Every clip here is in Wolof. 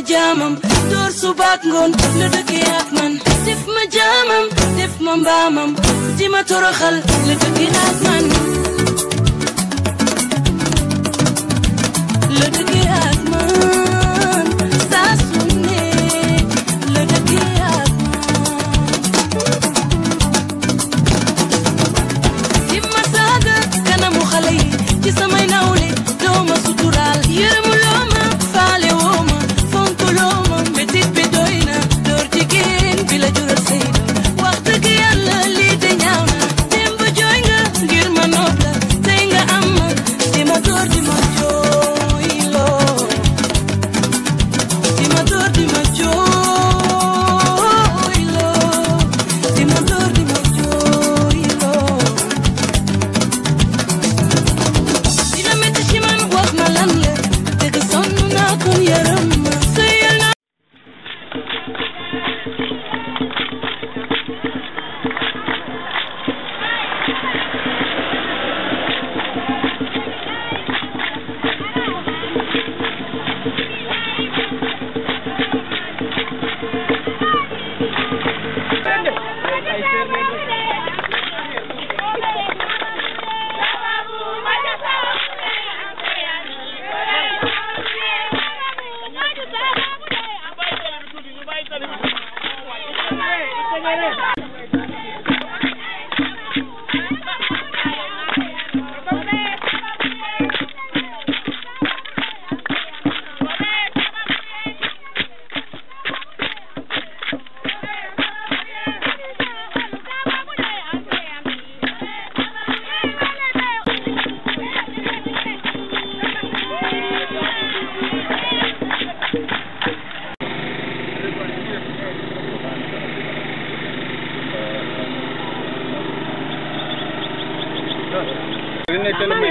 ma jaamam door suba ak ngoon la dëkkee ak man def ma jaamam def ma mbaamam di ma toroxal la dëkkee ak man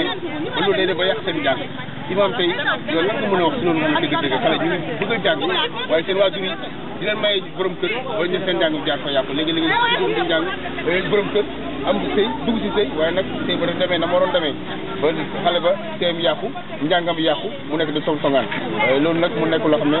tey ba loolu day def ba yàq seen jàng imaam tey yow lan nga mën a wax si noonu moom dëgg-dëgg xale ñu ngi bëgg a jàng waaye seen waajur yi di leen may borom kër wala ñu seen jàng bi jaar fa yàqu léegi-léegi dugg seen jàng borom dugg si sëy waaye nag sëy ba doon demee na waroon demee ba xale ba sëyam yàqu njàngam yàqu mu nekk di song songaan loolu nag mu nekk loo xam ne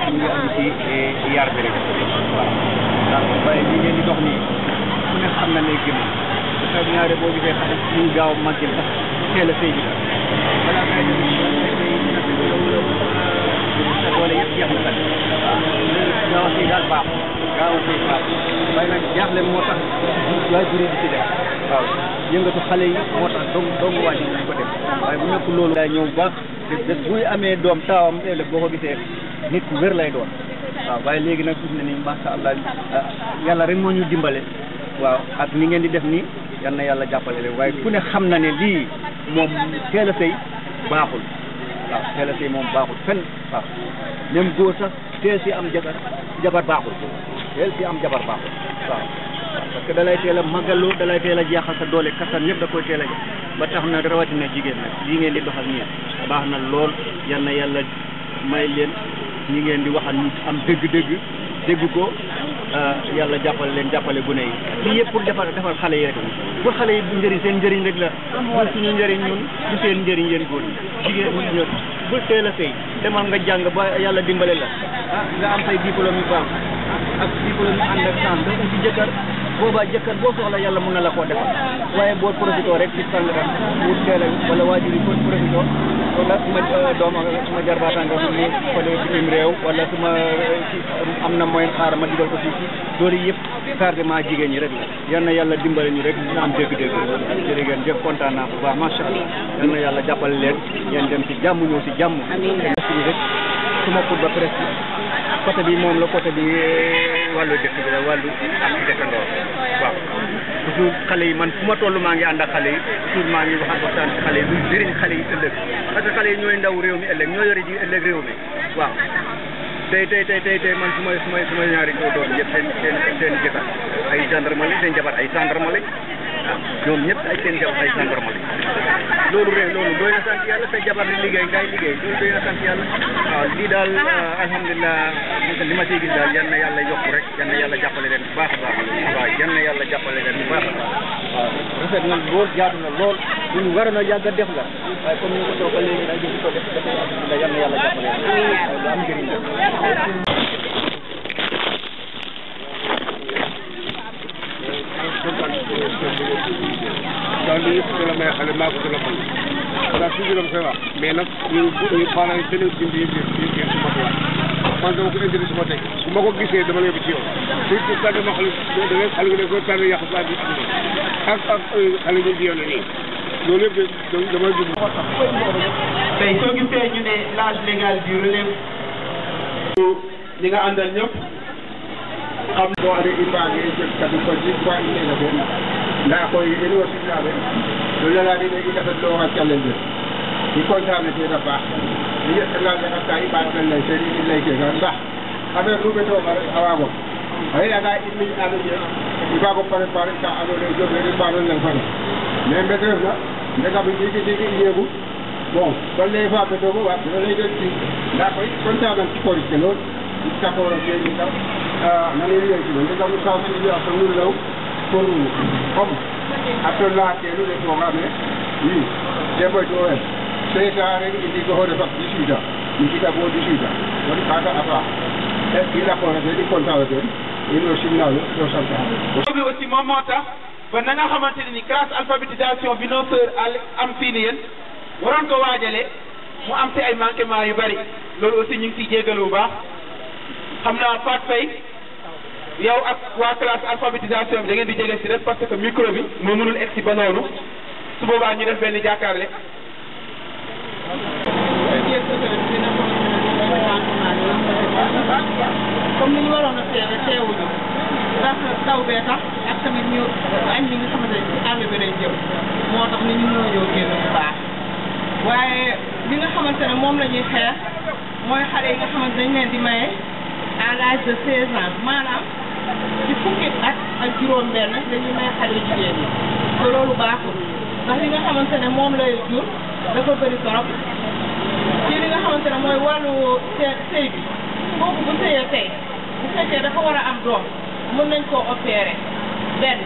ñu ngi aju na ne gën a boo gisee xale ñu gaaw màggil sax teel a sëy bi balaa ngay dem boole yëpp jeex na gaaw a sëy daal baax gaaw a sëy baax waaye xale yi moo tax dong dong waa ji ko def waaye bu nekk loolu daay ñëw baax te buy amee doom taawam ëllëg boo ko gisee nit ku wér lay doon waaw waaye léegi nag gis na ni macha allah yàlla rek moo ñu dimbale waaw ak ni ngeen di def nii yal na yàlla jàppale leen waaye ku ne xam na ne lii moom teel a sëy baaxul waaw teel sëy moom baaxul fenn waaw même góor sax teel si am jabar jabar baaxul teel si am jabar baaxul waaw parce que dalay teel a màggaloo dalay teel a jeexal sa doole kattan yëpp da koy teel a jeex ba tax na rawatina jigéen nag lii ngeen di doxal nii baax na lool yàlla ñi ngeen di waxal ni am dëgg-dëgg dégg ko euh, yàlla jàppale leen jàppale gune yi lii yëpp pour defar defar xale yi rek pour xale yi bu njëriñ seen njëriñ rek la bu suñu njëriñ ñun du seen njëriñ yéen góor yi jigéen ñun bu teel nga jàng ba yàlla dimbale la ah, nga am say diplôme yu baax ak diplôme yu ànd ak temps nga uti jëkkër boobaa jëkkër boo soxla yàlla mun na la koo defal waaye boo profité rek ci sàngara wut teel wala waajur yi boo profité wala suma euh, doomam suma jarbaataan nga mu fële bitim réew wala suma euh, am na mooy xaar ma digal ko fii ci loolu yëpp tardement jigéen ñi rek la yàlla dimbale ñu rek dina am dégg-dégg jërë ngeen kontaan naa bu baax macha allah yal yàlla jàppale leen ngeen dem ci jàmm ñëw ci jàmm suma pour ba presque côté bi moom la côté bi euh, wàllu dëkk bi la wàllu am dëkkandoo waaw toujours xale yi man fu ma toll maa ngi ànd ak yi toujours maa ngi wax ak waxtaan yi luy jëriñ xale yi ëllëg parce que yi ñooy ndaw réew mi ëllëg ñoo yore ji ëllëg réew mi waaw tey tey tey tey tey man su may su may su may ñaari doom yëpp seen seen seen jëkkër ay gendarme lañ seen jabar ay gendarme lañ ñoom ñëpp ay a jabar ay gendarme loolu rek loolu doy na sant yàlla sa jabar di liggéey ngay liggéey loolu doy na sant yàlla waaw lii daal alhamdulilah li ma ciy daal yan na yàlla yokk rek yan na yàlla jàppale leen bu baax a baax yàlla jàppale leen a na lool jaadu na lool lu ñu a yàgg a def la waaye comme ni ko ba léegi daal di ko def dafay am yàlla yàlla am njëriñ la donc li ñëpp la may xale maa ko gën a mën ndax toujours dama koy wax mais nag ñu ñu xaaral beneen suñ bi ñu kenn su ma ko wax man dama ko indi su ma teg su ma ko gisee dama lay ci yow surtout xale da ngay xale bi da koy tànn yàq saa bi ak ak xale bi di yow la nii loolu yëpp dama jub tey soo gisee ñu ne l'âge légal bi relève li nga àndal ñëpp xam ɗo aɗa imbage jeg kadi ko jikwa innene ɓen nda koye ene wasinaɓe ɗo lalaɗi ɓe iɗata ɗo ha callel ɓe i contane teɗa baax i ƴettanaɓe hatta i ɓatnan ley seeɗi ɗi leyke ga ndax affaire ɗuɓe to mare a wago a yiɗaga immi aɗa je i mbago préparé ka anone jofere mbanon len fana mais mbete refna ndegami ɗigi ɗigi i yeegu bon ɗo ley fa ɓe togo waɓ ɗo ley den ɗi nda koy contane kikorit ke lool i kakoro ke ɗi kam ananeniyeytumen ndegam sasiji asangur law pour kon na nga xamante ni classe alphabétisation bi nos sœurs am fii ni yéen waroon ko waajale mu am si ay manquement yu bari loolu aussi ñu ngi siy bu baax xam naa Fatou Faye yow ak waa classe alphabétisation bi da di jege si rek parce que micro bi moo mënul egg si ba su boobaa ñu def benn jàkkaarle. comme ni ñu waroon a teewe teewuñu ndax taw bee tax ak tamit ñu añ li nga xamante ne àll bi lay jëm moo tax ni ñu mënuñoo génn bu baax waaye li nga xamante ne moom la xeex mooy xale yi nga xamante dañ leen di maye à l'âge de 16 ans maanaam. ci fukki at ak juróom-benn dañuy may xale jigéen ñi loolu baaxul ndax li nga xamante ne moom lay jur dafa bëri torop ci li nga xamante ne mooy wàllu sëy bi kooku bu sëyee tey bu fekkee dafa war a am doom mën nañ koo opérer benn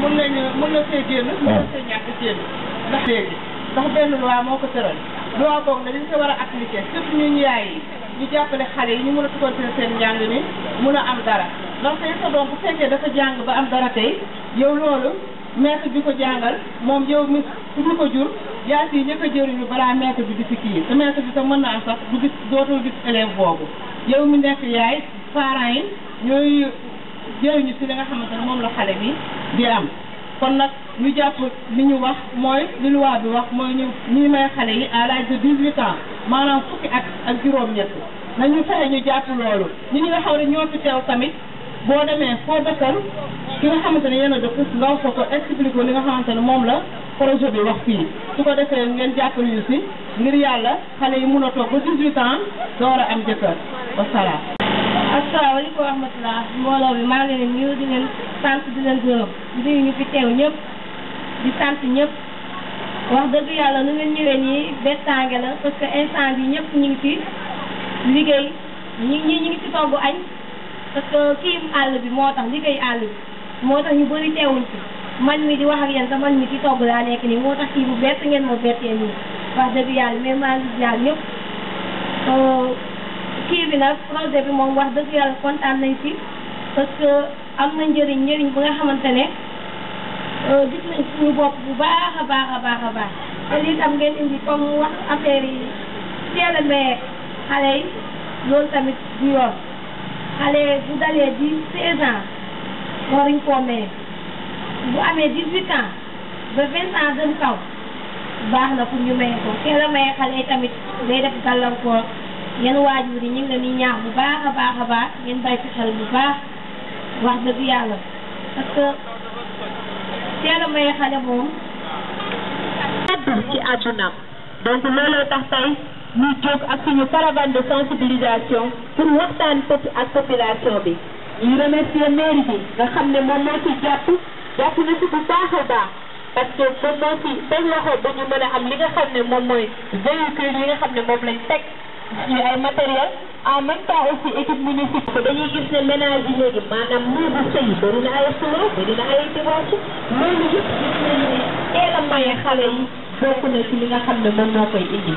mën nañu mën na see génn mën na see ñàkk génn ndax léegi ndax benn loi moo ko tëral loi boobu nag dañ ko war a appliquer surtout ñu yaay yi ñu jàppale xale yi ñu mën a continuer seen njàng mi mën a am dara donc yow sa doom bu fekkee dafa jàng ba am dara tey yow loolu maître bi ko jàngal moom yow mi su ko jur yaa si ñëkk a jëriñu balaa maître bi di si kii te maître bi sa mën naa sax du gis dootoo gis élève boobu yow mi nekk yaay parents yi ñooy jëriñu si li nga xamante ne moom la xale bi di am kon nag ñu jàpp li ñu wax mooy li waa bi wax mooy ñu ñuy may xale yi à l'âge de 18 ans maanaam fukki at ak juróom-ñett nañu fexe ñu jàpp loolu ñi ñu xam ne ñoo fi tamit boo demee foo dëkkal ki nga xamante ne yéen a dëkk ndaw soo ko expliqué li nga xamante ne moom la projet bi wax fii su ko defee ngeen jàppale ñu si ngir yàlla xale yi mun a toog ba 18 ans door a am jëkkër wasalaam. asalaamaaleykum wa rahmatulah mbooloo bi maa ngi leen nuyu di sant di leen gërëm di nuyu ñu ñëpp di sant ñëpp wax dëgg yàlla nu ngeen ñëwee nii bettange la parce que instant bi ñëpp ñu ngi ci liggéey ñi ñi ñu ngi ci togg añ. parce que kii àll bi moo tax liggéey àll bi moo tax ñu bëri teewuñ ci man mi di wax ak yéen sax man mi ci togg laa nekk nii moo tax kii bu bett ngeen ma bettee nii wax dëgg yàlla mais maa ngi jaar ñëpp kii bi nag projet bi moom wax dëgg yàlla kontaan nañ ci parce que am na njëriñ njëriñ bu nga xamante ne euh, gis nañ suñu bopp bu baax a baax a baax a baax te lii tam ngeen indi comme wax affaire yi teel a maye xale yi loolu tamit du yoon xale bu dalee di seize ans war nañ koo mere bu amee dix-huit ans ba vingt ans baax na pour ñu maye ko teel a maye xale yi tamit day def gàllankoor yéen waajur yi ñu ngi leen di ñaax bu baax a baax a baax ngeen bàyyi ci xel bu baax wax dëgg yàlla parce que teel a maye xale moom. ci àddunaam donc looloo tax ñu jóg ak suñu caravane de sensibilisation pour waxtaan ak population bi ñu remercier mairie bi nga xam ne moom moo ci jàpp na si a baax parce que moom moo ci teg loxo ba ñu mën a li nga xam ne moom mooy véhicule yi nga xam ne moom lañ teg ci ay matériel en même temps aussi équipe municipale dañuy gis ne ménage yi léegi maanaam muu bu sëy bari na ay fleur bari na ay divorce loolu yëpp gis nañu ne a maye xale yi bokk na ci li nga xam ne moom moo koy indi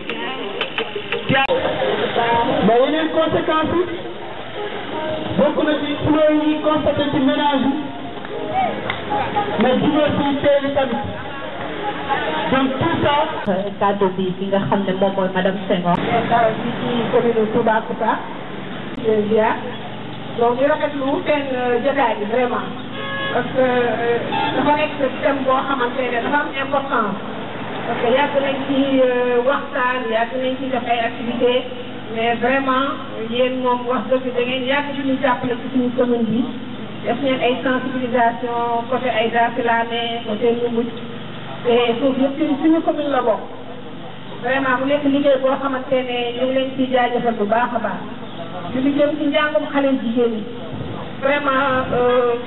jaar ba yeneen conséquence yi bokk na ci flot yi constaté ci ménage yi mais diversité yi tamit donc tout ça. kàddu bi ki nga xam ne moom mooy madame Senghor. fii ci commune Toubacouta. ziar donc ñu rafetlu seen euh, jotaay bi vraiment parce que euh, dafa nekk thème boo xamante ne dafa am importance. parce y a quelqu'un euh, y a yàgg activités mais vraiment il y a un a ngeen a ci une jàppale ci suñu commune y a sensibilisation côté ay côté nous vraiment mu nekk liggéey boo xamante ñu ngi leen ciy jaajëfal bu une vraiment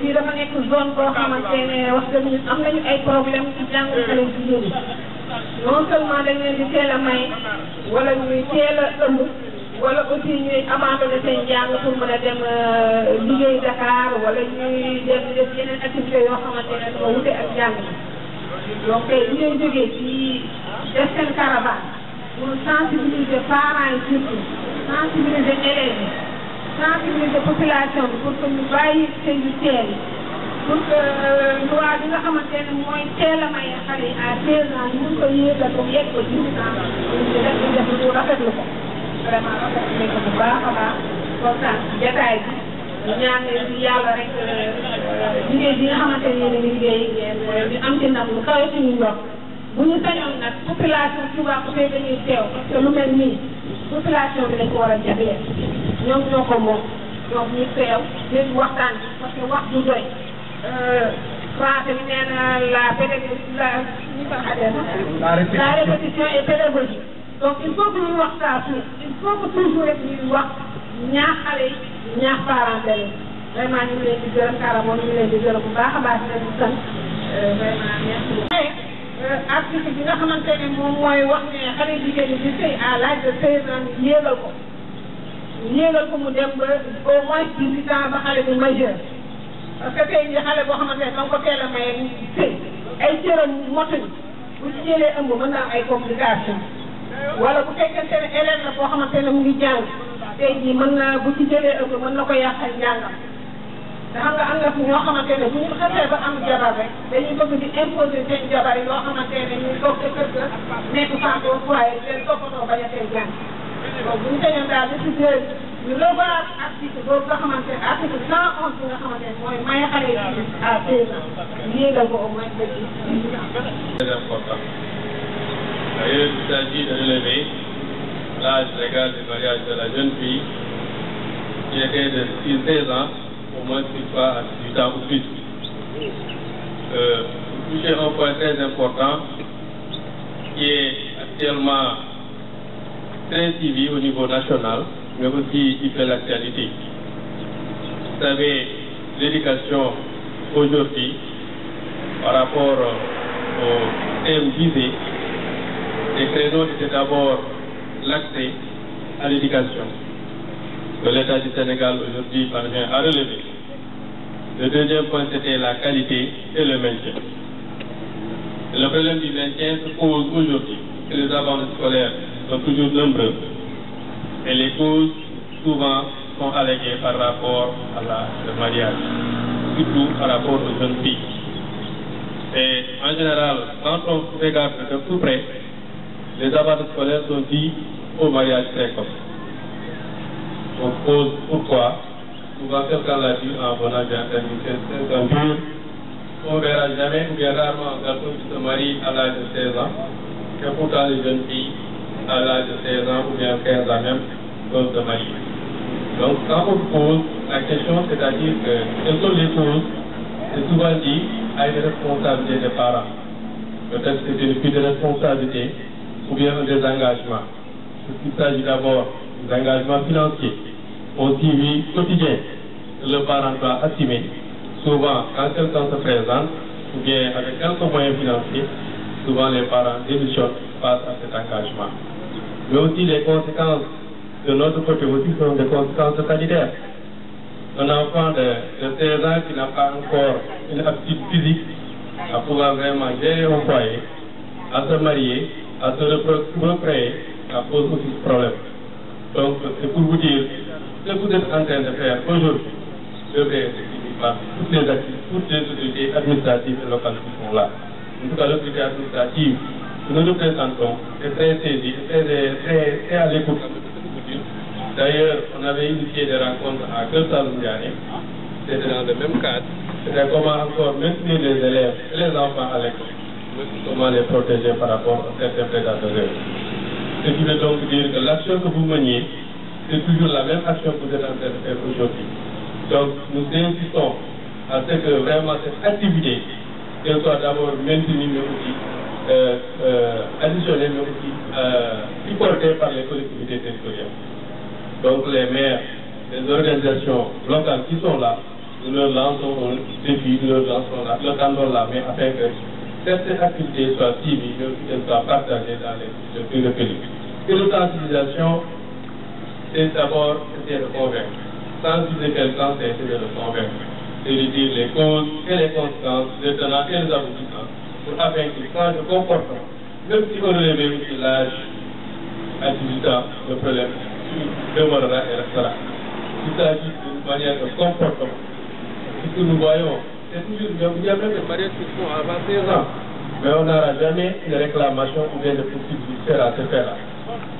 si euh, une zone pour vous ne wax dëgg problème ci non seulement dañ leen di teel a may wala ñuy teel wala aussi ñuy abandonné seen jàng pour mën dem euh, liggéey Dakar wala ñuy dem def yeneen activité yoo xamante ne moo wute ak jàng donc tey ñu leen jógee ci def seen caravane pour sensibiliser parents yi surtout sensibiliser élèves yi sensibiliser population bi pour que ñu bàyyi seen yu pour que euh, loi bi nga xamante ne mooy teel a may xale yi à 16 ans ñu ko yéegal ko yegg ko 10 ans ñu def ñu def lu rafetlu ko vraiment rafetlu ko bu baax a baax kontaan ci jataay bi ñaan yàlla rek euh, euh, liggéey bi nga xamante ne yéen a ngi liggéey ñu am ci ndam lu kawe suñu njort bu ñu sañoon nag population Touba Coupé dañuy teew parce que lu mel nii population bi dañ ko war a jagleel ñoom ñoo ko moom ñoom ñu teew leen waxtaan parce que wax du doy. français bi nee na la pédagogie la répétition est pédagogique donc il faut que ñu wax saa su il faut que toujours rek ñuy wax ñaax xale yi ñaax parents yi vraiment ñu ngi leen di gërëm karamoon ñu ngi leen di gërëm bu baax a baax di leen di sant vraiment merci. article bi nga xamante ne moom mooy wax ne xale jigéen ñi di sëy à l'âge de seize ans yéegal ko yéegal ko mu dem ba au moins dix-huit ans ba xale bu majeur. parce que tey jii xale boo xamante ne danga ko teel a maye sëy ay cëram motuñ bu ci jëlee ëmb mën naa am ay complication wala bu fekkente ne élève la boo xamante ne mu ngi jàng tey jii mën naa bu ci jëlee ëmb mën na ko yàqal njàngam te xam nga am na fi ñoo xamante ne bu ñu xasee ba am jabar rek dañuy bëgg di imposer seen jabar yi loo xamante ne ñu toog ca kër ga nekk femme au foyer leen toppatoo bañ a tey jàng donc bu ñu teyoon daal di si très important d'ailleurs il s'agit de l'âge légal du mariage de la jeune fille qui était de 6 ans au moins 6 fois à 8 ans ou plus euh, un point très important qui est actuellement très au niveau national mais aussi il fait l'actualité. Vous savez, l'éducation aujourd'hui, par rapport euh, au thème visé, les créneaux étaient d'abord l'accès à l'éducation que l'État du Sénégal aujourd'hui parvient à relever. Le deuxième point, c'était la qualité et le maintien. Le problème du maintien se pose aujourd'hui. Les abandons scolaires sont toujours nombreux et les causes souvent sont alléguées par rapport à la, le mariage, surtout par rapport aux jeunes filles. Et en général, quand on regarde de tout près, les abattus scolaires sont dits au mariage précoce. On pose pourquoi Souvent, quelqu'un l'a dit en bon âge c'est un dur. On verra jamais ou bien rarement un garçon qui se marie à l'âge de 16 ans, que pourtant les jeunes filles à l'âge de 16 ans ou bien 15 ans même donc, quand on pose la question, c'est-à-dire que quelles sont les causes, c'est souvent dit à une responsabilité des parents. Peut-être que c'est une de responsabilité ou bien des engagements. Il s'agit d'abord d'engagements engagements financiers, au suivi quotidien le parent doit assumer. Souvent, quand quelqu'un se présente, ou bien avec quelques moyen financier, souvent les parents démissionnent face à cet engagement. Mais aussi les conséquences de notre côté aussi sont des conséquences sanitaires. Un enfant de, de 16 ans qui n'a pas encore une aptitude physique à pouvoir vraiment gérer un foyer, à se marier, à se recréer, à pose aussi ce problème. Donc, c'est pour vous dire ce que vous êtes en train de faire aujourd'hui toutes les activités, toutes autorités administratives et locales qui sont là. En tout cas, l'autorité administrative que nous présentons, et très saisie, très, très à l'écoute D'ailleurs, on avait initié des rencontres à Kelsalundiani. C'était dans le même cadre. C'était comment encore maintenir les élèves et les enfants à l'école. Comment les protéger par rapport à certains prédateurs. Ce qui veut donc dire que l'action que vous meniez, c'est toujours la même action que vous êtes en train de faire aujourd'hui. Donc, nous insistons à ce que vraiment cette activité, qu'elle soit d'abord maintenue, mais aussi euh, euh additionnée, mais aussi euh, supportée par les collectivités territoriales donc les maires, les organisations locales qui sont là, nous leur lançons un défi, nous leur lançons la, leur tendons la main afin que cette activités soit civile, qu'elle soit partagée dans les de publiques. Et l'authentification, c'est d'abord essayer de convaincre. Sensibiliser quelqu'un, c'est essayer de convaincre. C'est lui dire les causes et les conséquences, les tenants et les aboutissants, pour afin qu'ils changent de comportement. Même si on même village, à 18 ans, le problème il s'agit d'une manière de comportement. Ce que nous voyons, c'est toujours, il y a même des mariages qui sont avancées mais on n'aura jamais une réclamation ou bien de possibilité à ce faire-là.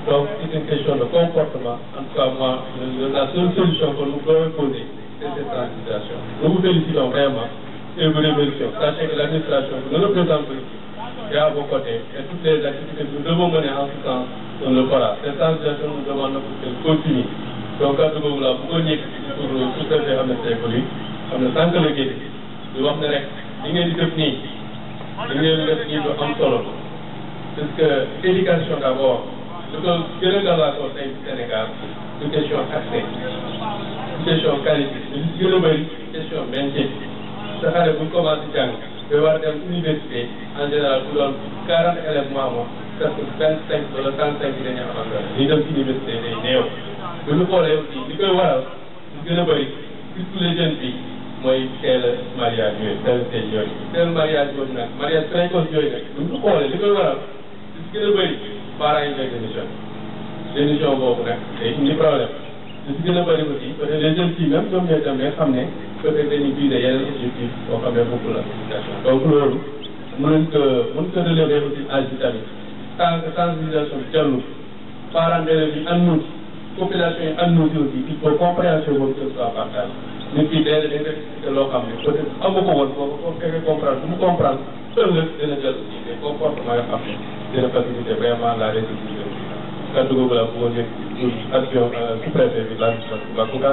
Donc, c'est une question de comportement. En tout cas, moi, la seule solution que nous pouvons poser, c'est cette transition. Nous vous félicitons vraiment et vous remercions. Sachez que l'administration, nous plus. et à vos côtés. Et toutes les activités que nous devons mener en ce temps, on le fera. c e s t e a n i s a t i o n o u s demande pour qu'elle continue. Donc, a ce moment-là, pour qu'on y a i pour tout ce qui est amené à l'école, on ne s a n t que le guide. Nous avons d i r e c e Nous avons dit ni. Nous avons dit ni en solo. Parce que l'éducation d'abord, le que dans la conseil du Sénégal, une question accès, une question qualité, une question maintien. Ça, c'est pour c o m m e n c i r à nga war a dem université en général bu doon quarante élèves mu amoon presque vingt cinq wala trente cinq dañuy am anglais ñu dem université day néew bu ñu xoolee aussi li koy waral li gën a bëri surtout les jeunes bi mooy teel a mariage yooyu teel seen yooyu teel mariage boobu nag mariage précoce yooyu nag bu ñu xoolee li koy waral li gën a bëri parents yi ñooy démission démission boobu nag day indi problème li si gën a bëri aussi parce que les jeunes filles même ñoom ñooy dem ne xam ne fekkee dañuy viser yeneen objectif boo xamee bokkul ak communication donc loolu mën ko mën ko relever aussi âge bi tamit tant que sensibilisation bi jàllul parents d'élèves yi am ci population yi am ci aussi il faut compréhension boobu que ce soit partagé nit ki day day expliqué loo xam ne peut être amu ko woon boo ko fekkee comprendre bu mu comprendre ëllëg dina jël aussi des comportements yoo xam ne dina faciliter vraiment la réussite du kàddu googu laa bëggoon nekk action sous-préfet bi la Bakouka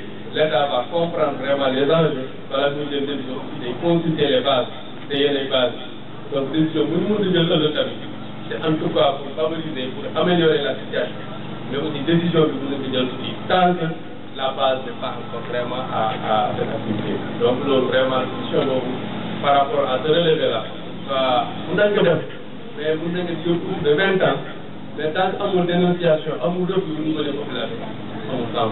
l'État va comprendre vraiment les enjeux balaa la jël décision aussi et consulter les bases payer les bases donc décision que nous nous di jël c'est en tout cas pour favoriser pour améliorer la situation mais aussi décision que nous disons ko aussi tant que la base n'est pas encore vraiment à à cette activité donc nous vraiment nous boobu par rapport à ce relevé là Vous êtes nañ ko mais vous nañ ko plus de 20 ans mais tant que amul dénonciation amul refus bu ñu mënee population amul sens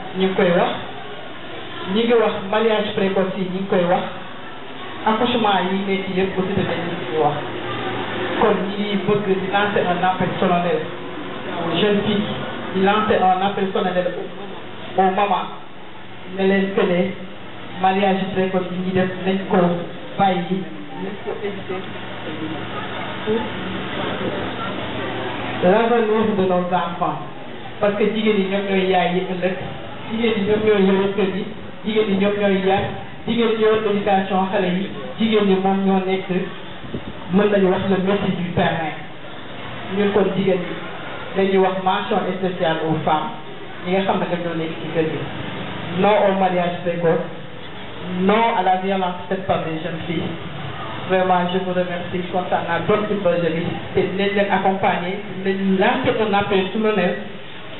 ñu ngi koy wax ñi wa wax mariage précoce yi ñi ngi koy wax accouchement yi métti yëpp aussi tamit ñi ngi wax kon ñi bëgg di lancer un appel solennel aux jeunes filles di lancer un appel solennel aux mamans ne leen que ne mariage précoce yi ñuy def nañ ko bàyyi nañ ko éviter pour l'avenir de nos enfants parce que jigéen yi ñoom ñooy yaay yi jigéen ñi ñoom kër jigéen ñi ñoom ñooy yar jigéen ñoo éducation xale yi jigéen ñoo wax le du wax spéciale aux femmes non au mariage précoce non à la violence faite par les jeunes filles vraiment je vous remercie projet accompagner qu'on lancer un appel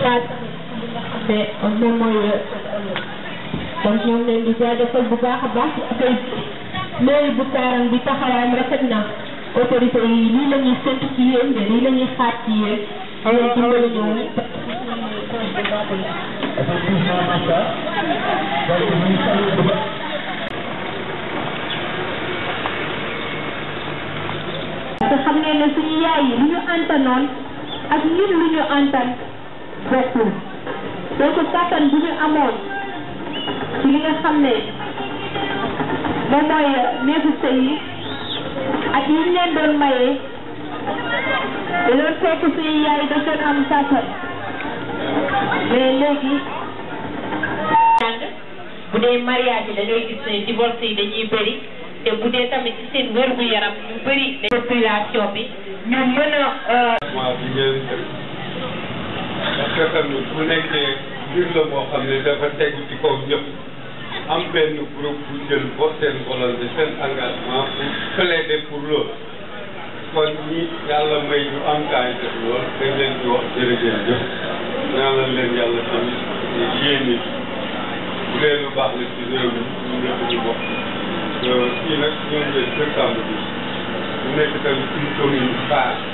cadre bi nga xam ne moom mooy kon ñoo ngi leen di jaajëfal bu baax a baax ci bi taxawaayam na autorité yi lii la ñuy séntu ci yéen de lii la ñuy xaar ci yéen. ngeen dimbali ñu parce que xam ngeen bokkul donc kàttan bu euh, ñu amoon ci li nga xam ne moom mooy néegu sëy yi ak yi ñu doon mayee da doon fekk suñu yaay da doon am kàttan mais léegi bu dee mariage yi da ngay divorce yi dañuy bëri te bu dee tamit ci seen wér gu yaram yu bëri population bi ñu mën a parce que tamit bu nekkee mbir la boo xam ne dafa tegu ci kaw ñëpp am benn groupe bu jël bo seen volonté seen engagement pour plaider pour loolu kon ñi yàlla may ñu am kaay def loolu dañ leen di wax jërëjëf jëf ñaanal leen yàlla tamit yéene bu dee lu baax la ci réew mi ñu nekk ñu bokk euh, fii nag ñoom ñooy décembre bi mu nekk tamit une commune phare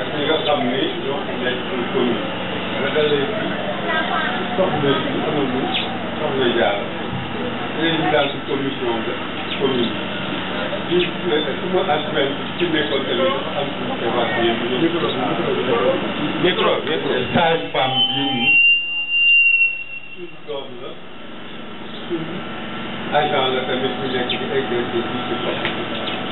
ak ñi nga xam ne ñoo nekk commune la dalee ci soxna yi amalu soxna jaar président de commission la commune bi su ma askan ci nekkoon tamit dafa am suñu évacué bu ñu micro micro sage femme bii nii suñu doom la suñu agent la tamit bu nekk di exercice ci soxna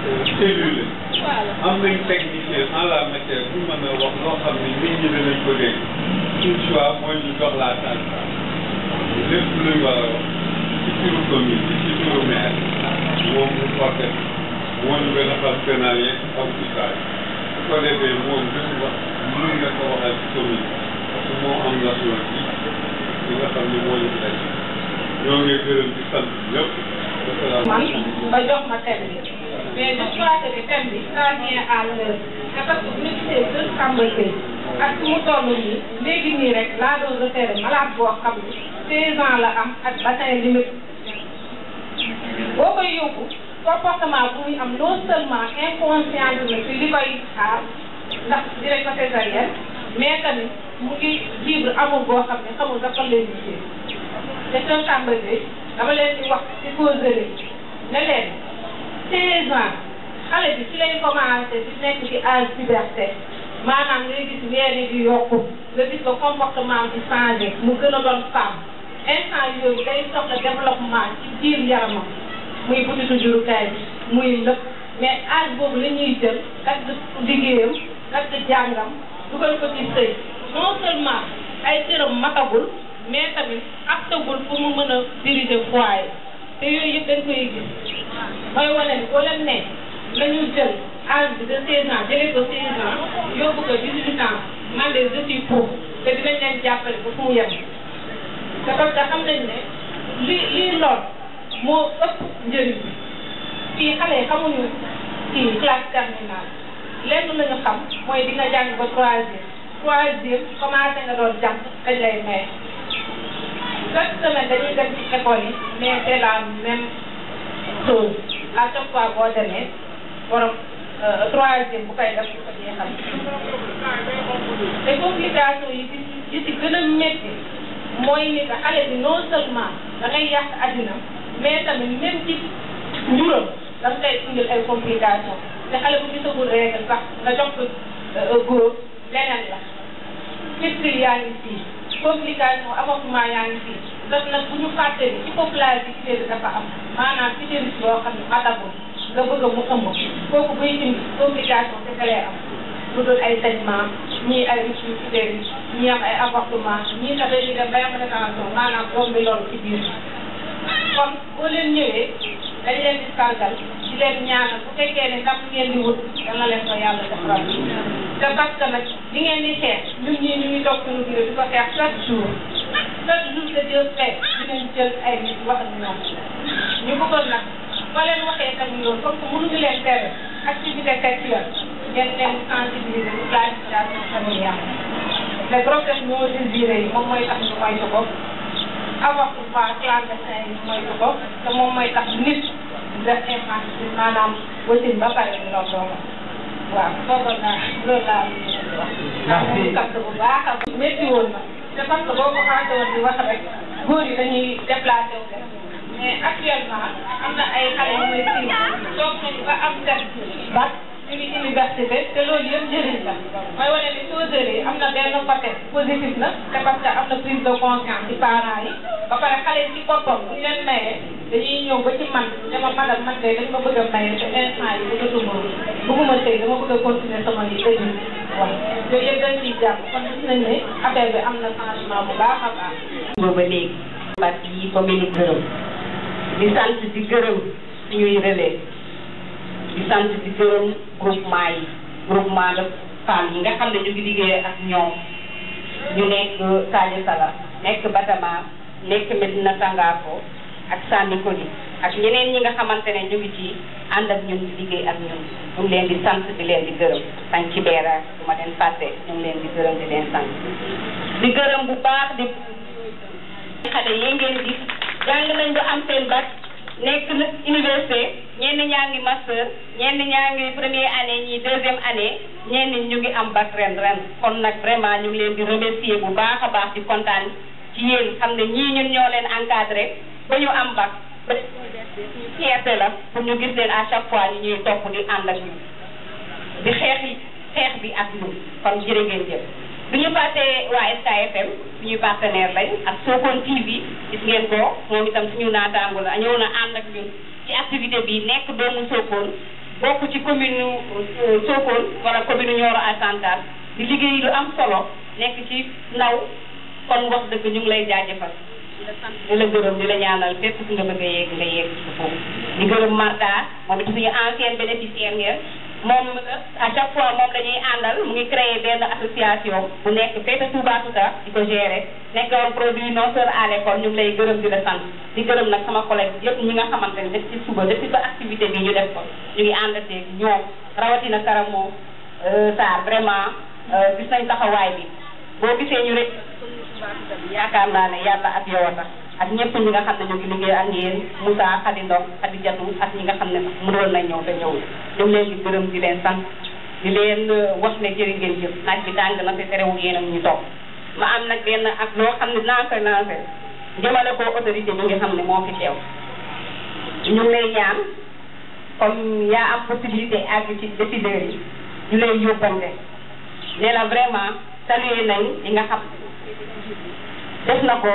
cellule am nañ technicien en la matière bu mën a wax loo xam ne nit ñi danañ ko dégg toutefois mooy ñu jox la tànk lépp luñ war a wax ci turu commune bi ci turu maire moom mu porté moom ñu gën a partenariat ak usage su ko defee moom gën wax mën nga ko waxal ci commune parce que moo am national bi li nga xam ne moo ñu ñoo ngi gërëm di sant ñëpp man ba jox ma thème bi mais je crois que thème bi ça vient à l'heure parce que bu ñu gisee kër Samba Gueye ak su mu toll nii léegi nii rek laa doon repéré malade boo xam ne 16 ans la am ak bassin limite boo koy yóbbu comportement bu muy am non seulement inconscient la ci li koy a ndax direct césarienne mais tamit mu ngi libre amul boo xam ne xamul dafa leen liggéey te kër Samba Gueye dama leen di wax ci causerie ne leen 16 ans xale bi ci lay commencé di nekk ci âge puberté maanaam ngay gis weer yi di yokku nga gis ba comportement bi changé mu gën a doon femme instant yooyu day soxla développement ci biir yaramam muy butitu jurukaay bi muy lëpp mais âge boobu la ñuy jël kat liggéeyam kat jàngam dugal ko ci sëy non seulement ay cëram matagul mais tamit ak tëgul pour mu mën a diriger foyer te yooyu yëpp dañ koy gis mooy wane ni boo leen ne nañu jël âge bi de 16 ans jëlee ko 16 ans yóbbu ko 18 ans man de je suis pour te dinañ leen jàppale ba fu mu yem te parce que xam nañ ne li lii lor moo ëpp njëriñ fii xale yi xamuñu kii classe terminale lenn la ñu xam mooy di nga jàng ba troisième troisième commencé nga doon jàng kañ lay may chaque semaine dañuy dem ci école yi mais c'est la même chose à chaque fois boo demee borom troisième bu koy def bu ko jeexal. te complication yi ci ci gën a métti mooy ni que xale bi non seulement da ngay yàq adduna mais tamit même ci njuróom da nga koy indil ay complication te xale bu gisagul règle sax nga jox ko góor leneen la. fii yaa ngi fii. complication avortement yaa ngi fi ndax nag bu ñu fàtte ni ci popularité bi dafa am maanaam ci jënd boo xam ne matagul nga bëgg mu ëmb kooku buy indi complication dafa lay am lu dul ay saignement ñii ay rupture utérine ñii am ay avortement ñii sax dañuy dem ba am rétention maanaam doom bi loolu ci biir kon boo leen ñëwee. dañ leen di sargal di leen ñaanal bu fekkee ne sax ngeen di wut dana leen ko yàlla defal te parce que nag li ngeen di xeex ñun ñii ñu ngi toog suñu bureau di ko xeex chaque jour chaque jour de Dieu fait dinañ jël ay nit wax ak ñoom ñu bëggoon nag ba leen waxee tam loolu comme que mënuñu leen tere activité sexuelle ngeen leen sensibiliser ci planification familiale les grossesses non désirées yi moom mooy tax ñu moytu ko avortement clandestin yi moytu ko te moom mooy tax nit def infantile maanaam wasin ba pare ñu doon doomam waaw foogoon naa loolu laa am wax. merci kàtt bu baax a métti woon na te parce que boo commencé woon di wax rek góor yi dañuy déplacé wu mais actuellement am na ay xale yu may sii toog nañu ba am seen bas ñu ngi université te loolu yëpp njëriñ la mooy wane ni saugerie yi am na benn côté positif la te parce que am na prise de conscience ci parents yi ba pare xale ci boppam bu ñu leen mayee dañuy ñëw ba ci man ne ma madame man de dañ ma bëgg a maye te instant yi bëggatuma bëgguma sëy dama bëgg a continuer sama yi sëy waaw yooyu yëpp dañ ciy jàpp kon gis nañ ne affaire bi am na changement bu baax a baax. booba léegi. parti yi commune Gërëm di sant di gërëm suñuy relais. di sant di gërëm groupement yi groupement de femmes yi nga xam ne ñu ngi liggéey ak ñoom ñu nekk Sadio Sala nekk Batama nekk Medina Sangafo ak Sandi Koli ak ñeneen ñi nga xamante ne ñu ci ànd ak ñun di liggéey ak ñun ñu ngi leen di sant di leen di gërëm sañ ci beera du ma leen fàtte ñu ngi di gërëm di leen di gërëm bu baax di xale yi ngeen gis jàng nañ ba am seen bac nekk na université ñenn ñaa ngi master ñenn ñaa ngi première année ñi deuxième année ñenn ñu ngi am bac ren ren kon nag vraiment ñu ngi leen di remercier bu baax a baax di kontaan ci yéen xam ne ñii ñun ñoo leen encadré ba ñu am bac ba fierté la pour ñu gis leen à chaque fois ñu ñuy topp di ànd ak ñu di xeex xeex bi ak ñun kon jërë ngeen bi ñu paasee waa SKFM suñuy partenaire lañ ak Sokone TV gis ngeen ko moom itam suñu naataango la ñëw na ànd ak ñun ci activité bi nekk doomu Sokone bokk ci commune euh, Sokone wala commune Nioro à Santar di liggéey lu am solo nekk ci ndaw kon wax dëgg ñu ngi lay jaajëfal di la gërëm di la ñaanal fépp fu nga bëgg a yegg nga yegg foofu di gërëm Marta moom it suñu ancienne bénéficiaire ngeen moom à chaque fois moom la ñuy àndal mu ngi créé benn association bu nekk féete Touba Touta di ko gérer nekkoon produit non seulement à l'école ñu ngi lay gërëm di la sant di gërëm nag sama collègue yëpp ñi nga xamante ne def ci suba def ci ba activité bi ñu def ko ñu ngi àndateeg ñoom rawatina Karamo euh, Sarr vraiment euh, gis nañ taxawaay bi boo gisee ñu rek yaakaar naa ne yàlla ak yoo a ak ñëpp ñi nga xam ne ñu ngi liggéey ak yéen Moussa Khady Ndong Khady Diatou ak ñi nga xam ne sax mënoon na ñëw te ñëwul ñu ngi leen di gërëm di leen sant di leen euh, wax ne jërë ngeen jëf naaj bi tàng na te terewul yéen ak ñu toog ma am nag benn ak loo xam ne lancé lancé jëmale ko autorité bi nga xam ne moo fi teew ñu ngi lay ñaan comme yaa am possibilité àgg ci décideurs yi ñu lay yóbbante ne la vraiment salué nañ li nga xam def na ko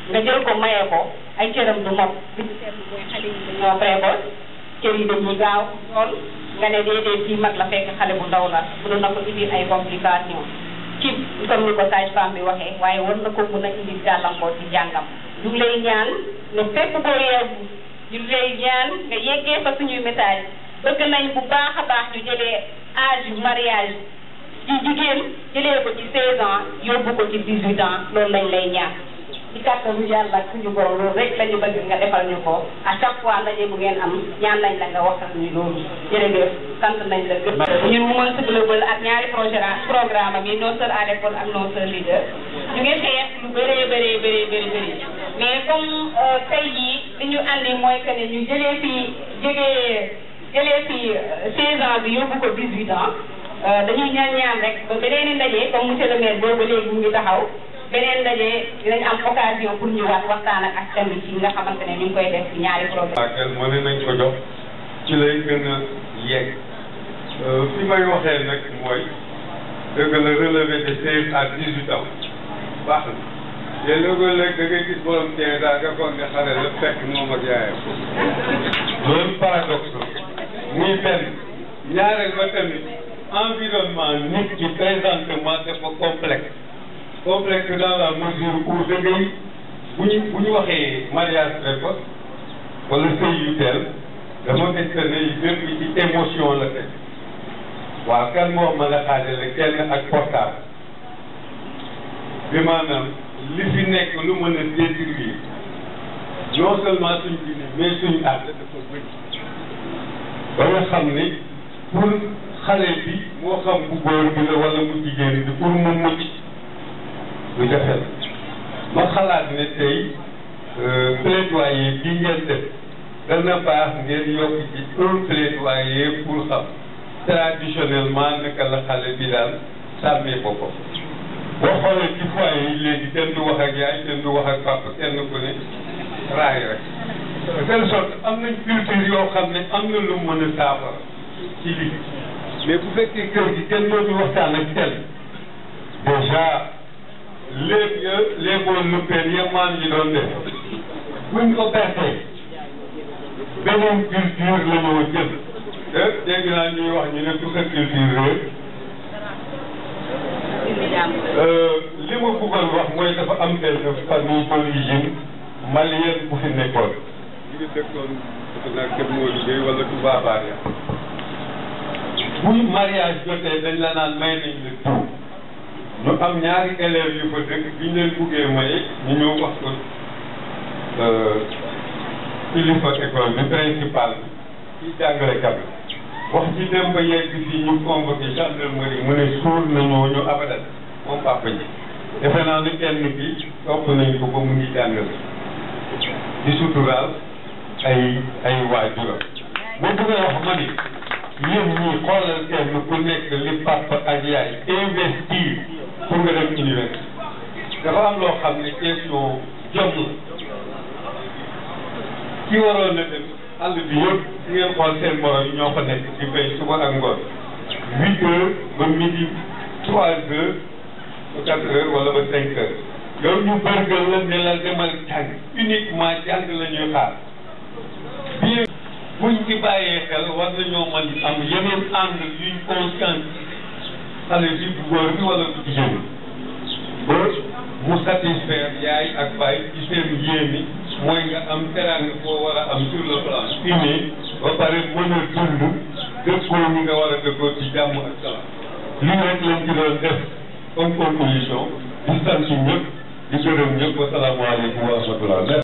nga jël ko maye ko ay cëram du mot bi ñu seetlu mooy xale euh, yi dañoo précoce cër yi dañuy gaaw lool nga ne déedéet fii mag la fekk xale bu ndaw la bu na ko indil ay complication ci comme ni ko sage femme bi waxee waaye war na ko mën a indil gàllankoor ci jàngam ñu ngi lay ñaan ne fépp boo yeewu ñu ngi lay ñaan nga yeggee fa suñuy message bëgg nañ bu baax a baax ñu jëlee âge yu mariage ci jigéen jëlee ko ci 16 ans yóbbu ko ci 18 ans loolu lañ lay ñaan ci kàttanu yàlla suñu borom loolu rek la ñu bëgg nga defal ñu ko à chaque fois ndaje bu ngeen am ñaan nañ la nga waxal ñu loolu jërëjëf sant nañ la gëm ñun Women Global ak ñaari projet programme bi nos sœurs à l'école ak nos sœurs leaders ñu ngi xeex lu bëree bëree bëree bëri bëri mais comme euh, tey jii li ñu andi mooy que ne ñu jëlee fii jegee jëlee fii euh, 16 ans bi yóbbu ko 18 ans euh, dañuy ñaan ñaan rek ba beneen ndaje comme monsieur le maire boobu léegi mu ngi taxaw beneen ndaje dinañ am occasion pour ñëwaat waxtaan ak askan bi ci nga xamante ne ñu ngi koy def ci ñaari problème. waaw moo ne nañ ko jox ci lay gën a yegg euh, fi may waxee nag mooy dëgg la relevé de seize à dix huit ans baax na te loolu léeg da ngay gis borom tey daal nga foog ne xale la fekk moom ak yaayam loolu paradoxe muy benn ñaareel ba tamit environnement nit ki présentement dafa complexe comprend que dans la mesure dangay bu ñu bu waxee mariage précoce wala sëy yu teel dama fekk ne mbir mi ci émotion la fekk waaw kan moo mën a xaajale kenn ak portable bi maanaam li fi nekk lu mën a détruire non seulement suñ dund mais suñu ànd dafa bëri ba nga xam ne pour xale bi moo xam bu bi la wala mu jigéen bi pour mu mucc lu ma xalaat ne tey euh, plaidoyer bi ngeen def dana baax ngeen yokk ci un plaidoyer pour xam traditionnellement naka la xale bi daal sàmmee boppam boo xoolee ci foyer yi léegi kenn du wax ak yaay kenn du wax ak papa kenn ku ne raay rek de telle am nañ culture yoo am na lu mën a saafara ci lii mais bu fekkee kër gi kenn mënul waxtaan ak kenn déjà léeg ya léegoon nuppeel ya maam yi doon def buñ ko pertee beneen culture la ñoo jël te eh, dégg naa ñuy wax ñu ne tout sa culture réer euh, li ma bëggoon wax mooy dafa am benn famille d'origine malienne bu fi nekkoon ñu dëkkoon naa kër moo liggéey wala tubaab ya buy mariage jotee dañ la naan may nañ la ñu am ñaari élèves yu fa dëkk biñ leen buggee maye ñu ñëw wax ko euh, kilifa école bi principal bi ci jàngalekat bi wax ci dem yegg fii ñu convoqué gendarmerie mu ne suur nañoo ñu abadan moom papa ji defe naa kenn bi topp nañ ko mu ngi jàngale di suturaal ay ay waajuram moom bu wax ma ni yéen ñii xoolal kenn ku nekk li papa ak yaay investir pour nga dem université dafa am loo xam ne question jom la ki waroon na dem àll bi yëpp si ngeen xool seen morom yi ñoo ko nekk di béy suba ak ngoon huit heures ba midi trois heures ba quatre heures wala ba cinq heures yow ñu bërgal la ne la demal jàng uniquement jàng la ñuy xaar bien buñ ci bàyyee xel war nañoo mën conscience xale bi bu góor bi wala bu jigéen ba mu satisfaire yaay ak baay ci seen yéene mooy nga am teraanga koo war a am sur le plan fumier ba pare mën a dund dëkkoo ñi nga war a dëkkoo ci jàmm ak salaam lii rek lañ ci doon def comme conclusion di sant ñëpp di gërëm ñëpp wasalaamaaleykum wa rahmatullah